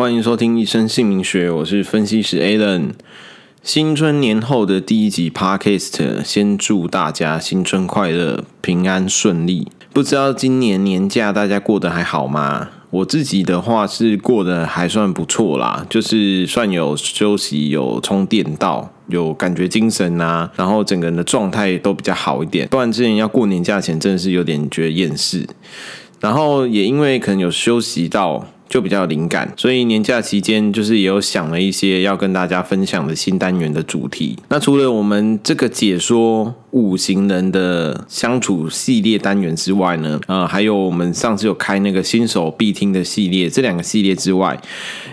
歡迎收聽《一生姓名學》，我是分析師 Alan。新春年後的第一集 podcast，先祝大家新春快樂、平安順利。不知道今年年假大家過得還好嗎？我自己的話是過得還算不錯啦，就是算有休息、有充電到，有感覺精神吶、啊，然後整個人的狀態都比較好一點。不然之前要過年假前，真的是有點覺得厭世。然後也因為可能有休息到。就比較有靈感，所以年假期間就是也有想了一些要跟大家分享的新單元的主題。那除了我們這個解說五行人的相處系列單元之外呢，呃，還有我們上次有開那個新手必聽的系列，這兩個系列之外，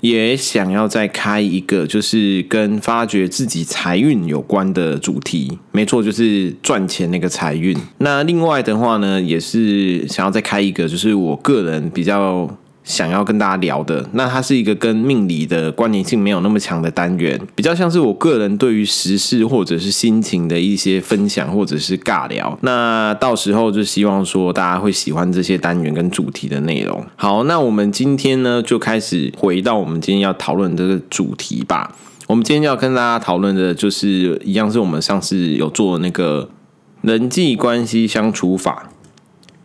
也想要再開一個，就是跟發掘自己財運有關的主題。沒錯，就是賺錢那個財運。那另外的話呢，也是想要再開一個，就是我個人比較。想要跟大家聊的，那它是一個跟命理的關聯性沒有那麼強的單元，比較像是我個人對於時事或者是心情的一些分享或者是尬聊。那到時候就希望說大家會喜歡這些單元跟主題的內容。好，那我們今天呢，就開始回到我們今天要討論這個主題吧。我們今天要跟大家討論的就是一樣是我們上次有做那個人際關係相處法。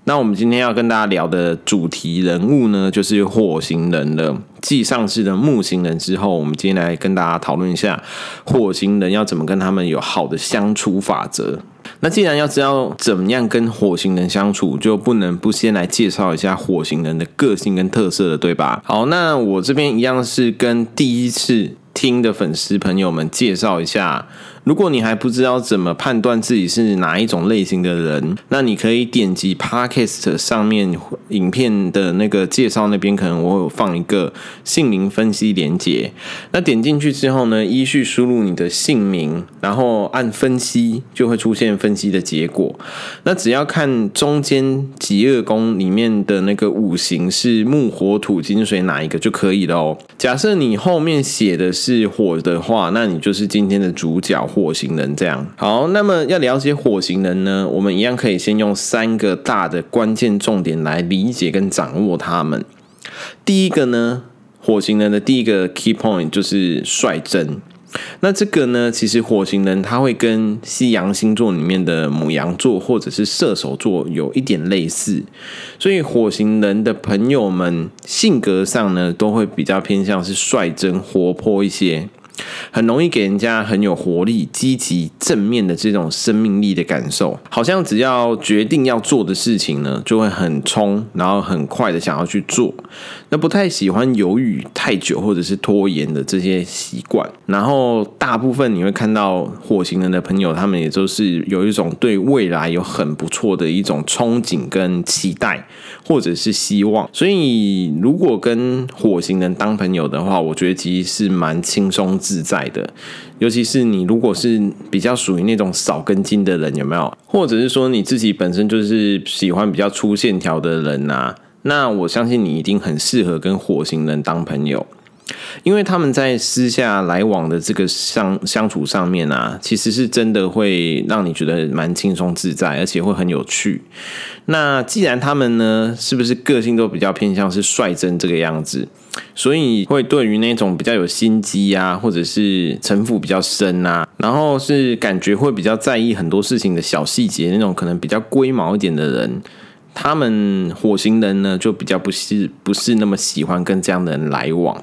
那我們今天要跟大家聊的主題人物呢，就是火型人了。繼上次的木型人之後，我們今天來跟大家討論一下火型人要怎麼跟他們有好的相處法則。那既然要知道怎麼樣跟火型人相處，就不能不先來介紹一下火型人的個性跟特色了，對吧？好，那我這邊一樣是跟第一次聽的粉絲朋友們介紹一下。如果你還不知道怎麼判斷自己是哪一種類型的人，那你可以點擊 Podcast 上面影片的那個介紹那邊，可能我有放一個姓名分析連結。那點進去之後呢，依序輸入你的姓名，然後按分析，就會出現分析的結果。那只要看中間疾惡宮裡面的那個五行是木、火、土、金、水哪一個就可以了哦、喔。假設你後面寫的是火的話，那你就是今天的主角。火型人這樣好，那麼要了解火型人呢，我們一樣可以先用三個大的關鍵重點來理解跟掌握他們。第一個呢，火型人的第一個 key point 就是率真。那這個呢，其實火型人他會跟西洋星座裡面的牡羊座或者是射手座有一點類似，所以火型人的朋友們性格上呢，都會比較偏向是率真活潑一些。很容易給人家很有活力、積極、正面的這種生命力的感受，好像只要決定要做的事情呢，就會很衝，然後很快的想要去做。那不太喜歡猶豫太久或者是拖延的這些習慣。然後大部分你會看到火型人的朋友，他們也都是有一種對未來有很不錯的一種憧憬跟期待，或者是希望。所以如果跟火型人當朋友的話，我覺得其實是蠻輕鬆自在的，尤其是你如果是比較屬於那種少根筋的人，有沒有？或者是說你自己本身就是喜歡比較粗線條的人吶、啊？那我相信你一定很適合跟火型人當朋友，因為他們在私下來往的這個相相處上面啊，其實是真的會讓你覺得蠻輕鬆自在，而且會很有趣。那既然他們呢，是不是個性都比較偏向是率真這個樣子？所以會對於那種比較有心機啊，或者是城府比較深啊，然後是感覺會比較在意很多事情的小細節那種，可能比較龜毛一點的人，他們火型人呢就比較不是不是那麼喜歡跟這樣的人來往。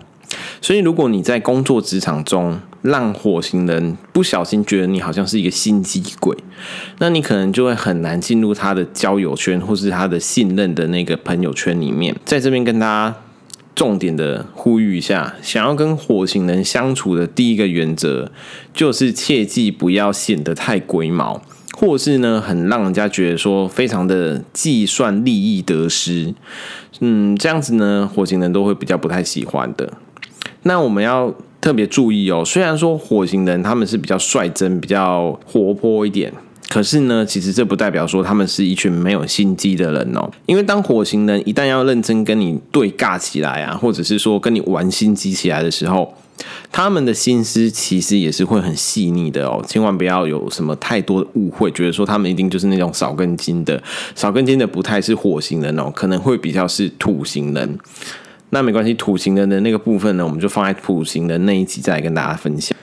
所以如果你在工作職場中讓火型人不小心覺得你好像是一個心機鬼，那你可能就會很難進入他的交友圈或是他的信任的那個朋友圈裡面，在這邊跟大家。重點的呼籲一下，想要跟火型人相處的第一個原則，就是切記不要顯得太龜毛，或是呢，很讓人家覺得說非常的計算利益得失。嗯，這樣子呢，火型人都會比較不太喜歡的。那我們要特別注意哦，雖然說火型人他們是比較率真、比較活潑一點。可是呢，其實這不代表說他們是一群沒有心機的人哦、喔。因為當火型人一旦要認真跟你對尬起來啊，或者是說跟你玩心機起來的時候，他們的心思其實也是會很細膩的哦、喔。千萬不要有什麼太多的誤會，覺得說他們一定就是那種少根筋的，少根筋的不太是火型人哦、喔，可能會比較是土型人。那沒關係，土型人的那個部分呢，我們就放在土型的那一集再來跟大家分享。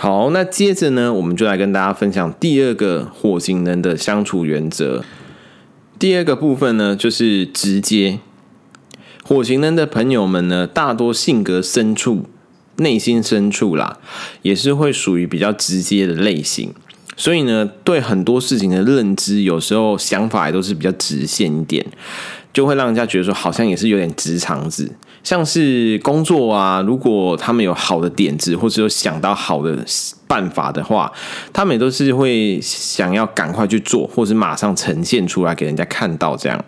好，那接着呢，我們就來跟大家分享第二個火型人的相處原則。第二個部分呢，就是直接。火型人的朋友們呢，大多性格深處、內心深處啦，也是會屬於比較直接的類型，所以呢，對很多事情的認知，有時候想法也都是比較直線一點。就會讓人家覺得說，好像也是有點直腸子。像是工作啊，如果他們有好的點子或者有想到好的辦法的話，他們也都是會想要趕快去做，或是馬上呈現出來給人家看到這樣。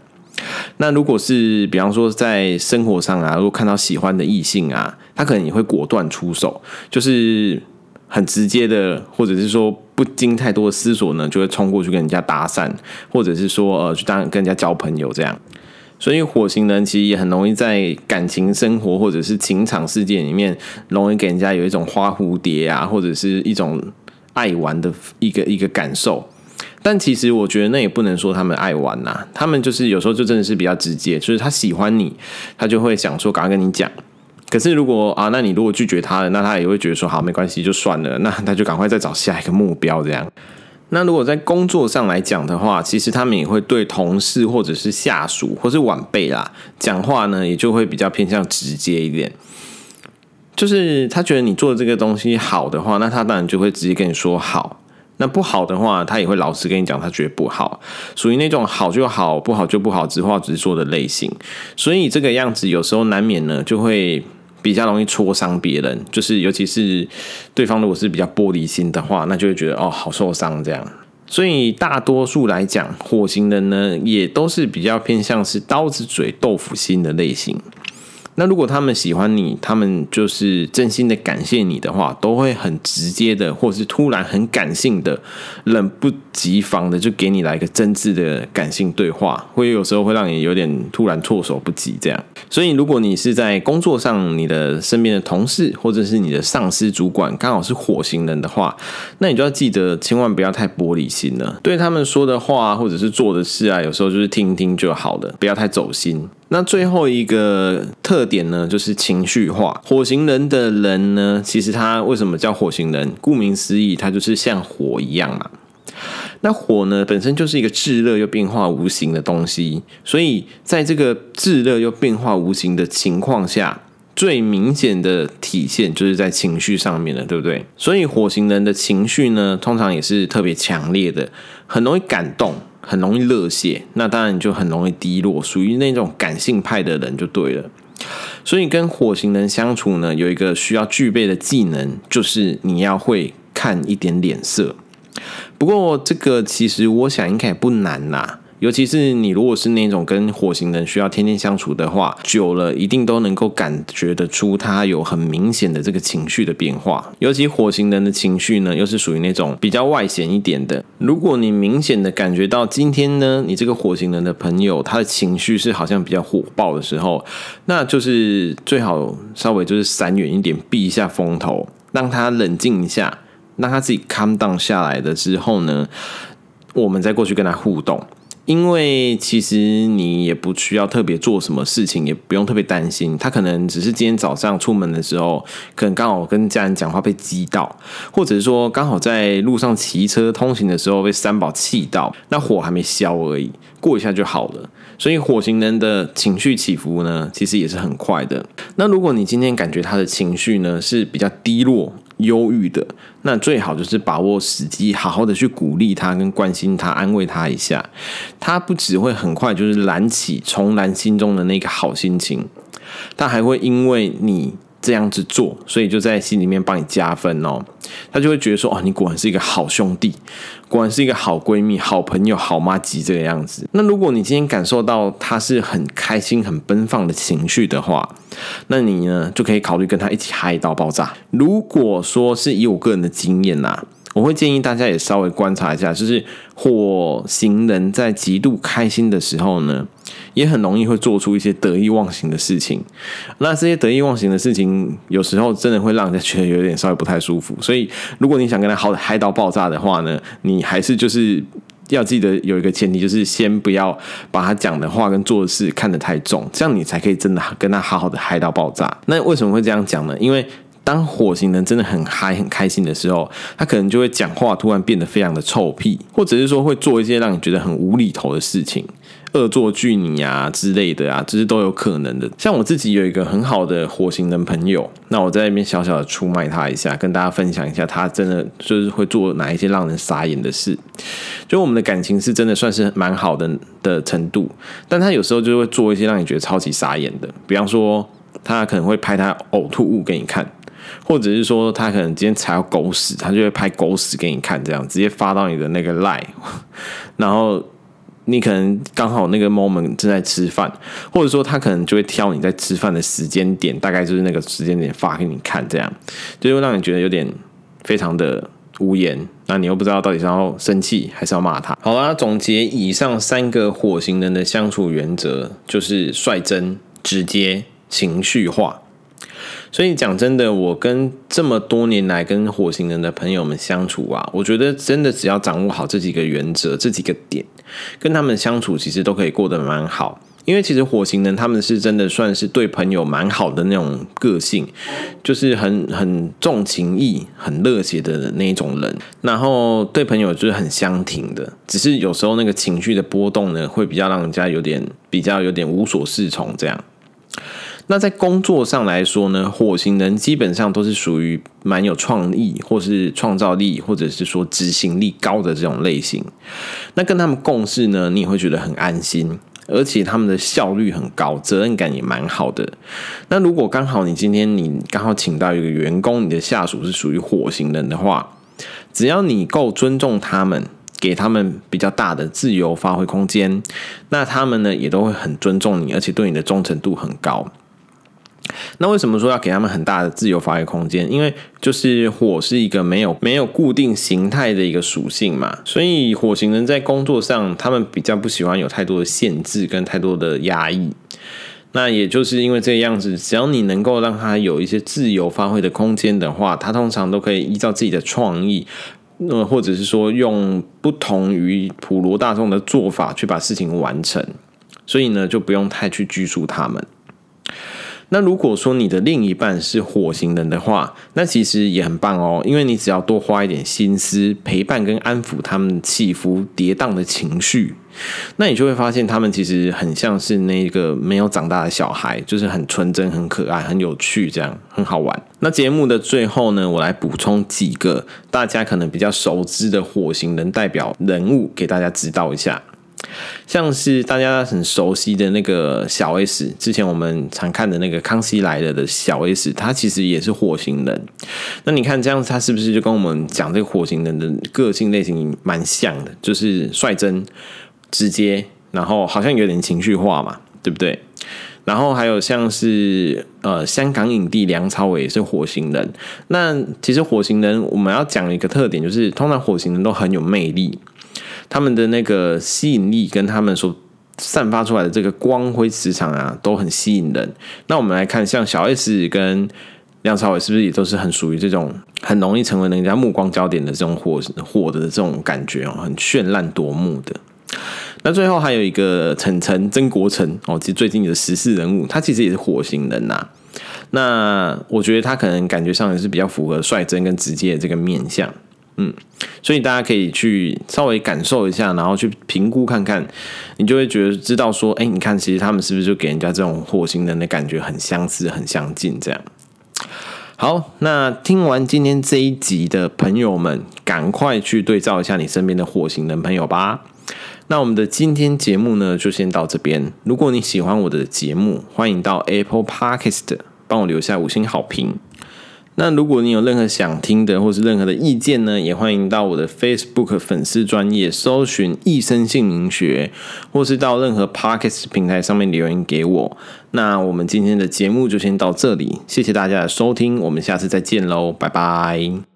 那如果是比方說在生活上啊，如果看到喜歡的異性啊，他可能也會果斷出手，就是很直接的，或者是說不經太多的思索呢，就會衝過去跟人家搭訕，或者是說呃去當跟人家交朋友這樣。所以火型人其實也很容易在感情生活或者是情場世界裡面，容易給人家有一種花蝴蝶啊，或者是一種愛玩的一個一個感受。但其實我覺得那也不能說他們愛玩吶、啊，他們就是有時候就真的是比較直接，就是他喜歡你，他就會想說趕快跟你講。可是如果啊，那你如果拒絕他了，那他也會覺得說，好，沒關係，就算了，那他就趕快再找下一個目標這樣。那如果在工作上來講的話，其實他們也會對同事或者是下屬或是晚輩啦講話呢，也就會比較偏向直接一點。就是他覺得你做的這個東西好的話，那他當然就會直接跟你說好；那不好的話，他也會老實跟你講，他覺得不好，屬於那種好就好，不好就不好，直話直說的類型。所以這個樣子有時候難免呢，就會。比較容易戳傷別人，就是尤其是對方如果是比較玻璃心的話，那就會覺得哦，好受傷這樣。所以大多數來講，火型人呢也都是比較偏向是刀子嘴豆腐心的類型。那如果他們喜歡你，他們就是真心的感謝你的話，都會很直接的，或者是突然很感性的，冷不及防的就給你來個真摯的感性對話，會有時候會讓你有點突然措手不及。這樣，所以如果你是在工作上，你的身邊的同事或者是你的上司主管剛好是火型人的話，那你就要記得千萬不要太玻璃心了，對他們說的話或者是做的事啊，有時候就是聽一聽就好了，不要太走心。那最後一個特點呢，就是情緒化。火型人的人呢，其實他為什麼叫火型人？顧名思義，他就是像火一樣嘛。那火呢，本身就是一個炙熱又變化無形的東西，所以在這個炙熱又變化無形的情況下，最明顯的體現就是在情緒上面了，對不對？所以火型人的情緒呢，通常也是特別強烈的，很容易感動。很容易熱血，那當然就很容易低落，屬於那種感性派的人就對了。所以跟火型人相處呢，有一個需要具備的技能，就是你要會看一點臉色。不過這個其實我想應該也不難啦。尤其是你如果是那種跟火型人需要天天相處的話，久了一定都能夠感覺得出他有很明顯的這個情緒的變化。尤其火型人的情緒呢，又是屬於那種比較外顯一點的。如果你明顯的感覺到今天呢，你這個火型人的朋友他的情緒是好像比較火爆的時候，那就是最好稍微就是閃遠一點，避一下風頭，讓他冷靜一下，讓他自己 calm down 下來的之後呢，我們再過去跟他互動。因為其實你也不需要特別做什麼事情，也不用特別擔心，他可能只是今天早上出門的時候，可能剛好跟家人講話被激到，或者是說剛好在路上騎車通行的時候被三寶氣到，那火還沒消而已，過一下就好了。所以火型人的情緒起伏呢，其實也是很快的。那如果你今天感覺他的情緒呢是比較低落，憂鬱的，那最好就是把握時機，好好的去鼓勵他、跟關心他、安慰他一下。他不只會很快就是燃起重燃心中的那個好心情，他還會因為你。這樣子做，所以就在心裡面幫你加分哦，他就會覺得說哦，你果然是一個好兄弟，果然是一個好閨蜜、好朋友、好麻吉這個樣子。那如果你今天感受到他是很開心、很奔放的情緒的話，那你呢就可以考慮跟他一起嗨到爆炸。如果說是以我個人的經驗啦、啊、我會建議大家也稍微觀察一下，就是火型人在極度開心的時候呢，也很容易會做出一些得意忘形的事情，那這些得意忘形的事情，有時候真的會讓人家覺得有點稍微不太舒服。所以，如果你想跟他好嗨到爆炸的話呢，你還是就是要記得有一個前提，就是先不要把他講的話跟做的事看得太重，這樣你才可以真的跟他好好的嗨到爆炸。那為什麼會這樣講呢？因為當火型人真的很嗨很開心的時候，他可能就會講話突然變得非常的臭屁，或者是說會做一些讓你覺得很無厘頭的事情。惡作劇你呀、啊、之類的啊，這些都有可能的。像我自己有一個很好的火型人朋友，那我在那邊小小的出賣他一下，跟大家分享一下他真的就是會做哪一些讓人傻眼的事。就我們的感情是真的算是蠻好的的程度，但他有時候就會做一些讓你覺得超級傻眼的。比方說，他可能會拍他嘔吐物給你看，或者是說他可能今天踩到狗屎，他就會拍狗屎給你看，這樣直接發到你的那個 Line，然後。你可能剛好那個 moment 正在吃飯，或者說他可能就會挑你在吃飯的時間點，大概就是那個時間點發給你看，這樣，就會讓你覺得有點非常的無言。那你又不知道到底是要生氣還是要罵他。好啦，總結以上三個火型人的相處原則，就是率真、直接、情緒化。所以講真的，我跟這麼多年來跟火型人的朋友們相處啊，我覺得真的只要掌握好這幾個原則、這幾個點，跟他們相處其實都可以過得蠻好。因為其實火型人他們是真的算是對朋友蠻好的那種個性，就是很很重情義、很熱情的那種人。然後對朋友就是很相挺的，只是有時候那個情緒的波動呢，會比較讓人家有點比較有點無所適從這樣。那在工作上來說呢，火型人基本上都是屬於蠻有創意，或是創造力，或者是說執行力高的這種類型。那跟他們共事呢，你也會覺得很安心，而且他們的效率很高，責任感也蠻好的。那如果剛好你今天你剛好請到一個員工，你的下屬是屬於火型人的話，只要你夠尊重他們，給他們比較大的自由發揮空間，那他們呢也都會很尊重你，而且對你的忠誠度很高。那為什麼說要給他們很大的自由發揮空間？因為就是火是一個沒有沒有固定形態的一個屬性嘛，所以火型人在工作上他們比較不喜歡有太多的限制跟太多的壓抑。那也就是因為這樣子，只要你能夠讓他有一些自由發揮的空間的話，他通常都可以依照自己的創意，呃，或者是說用不同於普羅大眾的做法去把事情完成。所以呢，就不用太去拘束他們。那如果說你的另一半是火型人的話，那其實也很棒哦，因為你只要多花一點心思陪伴跟安撫他們起伏跌宕的情緒，那你就會發現他們其實很像是那個沒有長大的小孩，就是很純真、很可愛、很有趣，這樣很好玩。那節目的最後呢，我來補充幾個大家可能比較熟知的火型人代表人物給大家知道一下。像是大家很熟悉的那個小 S，之前我們常看的那個《康熙來了》的小 S，他其實也是火型人。那你看這樣子，他是不是就跟我們講這個火型人的個性類型蠻像的？就是率真、直接，然後好像有點情緒化嘛，對不對？然後還有像是呃，香港影帝梁朝偉也是火型人。那其實火型人我們要講一個特點，就是通常火型人都很有魅力。他們的那個吸引力跟他們所散發出來的這個光輝磁場啊，都很吸引人。那我們來看，像小 S 跟梁朝偉，是不是也都是很屬於這種很容易成為人家目光焦點的這種火火的這種感覺哦、喔，很絢爛奪目的。那最後還有一個陳誠、曾國城哦、喔，其實最近的時事人物，他其實也是火型人吶、啊。那我覺得他可能感覺上也是比較符合率真跟直接的這個面相。嗯，所以大家可以去稍微感受一下，然後去評估看看，你就會覺得知道說，哎、欸，你看，其實他們是不是就給人家這種火型人的感覺很相似、很相近？這樣。好，那聽完今天這一集的朋友們，趕快去對照一下你身邊的火型人朋友吧。那我們的今天節目呢，就先到這邊。如果你喜歡我的節目，歡迎到 Apple Podcast 幫我留下五星好評。那如果你有任何想聽的，或是任何的意見呢，也歡迎到我的 Facebook 粉絲專頁搜尋一生姓名學，或是到任何 Podcast 平台上面留言給我。那我們今天的節目就先到這裡，謝謝大家的收聽，我們下次再見嘍，拜拜。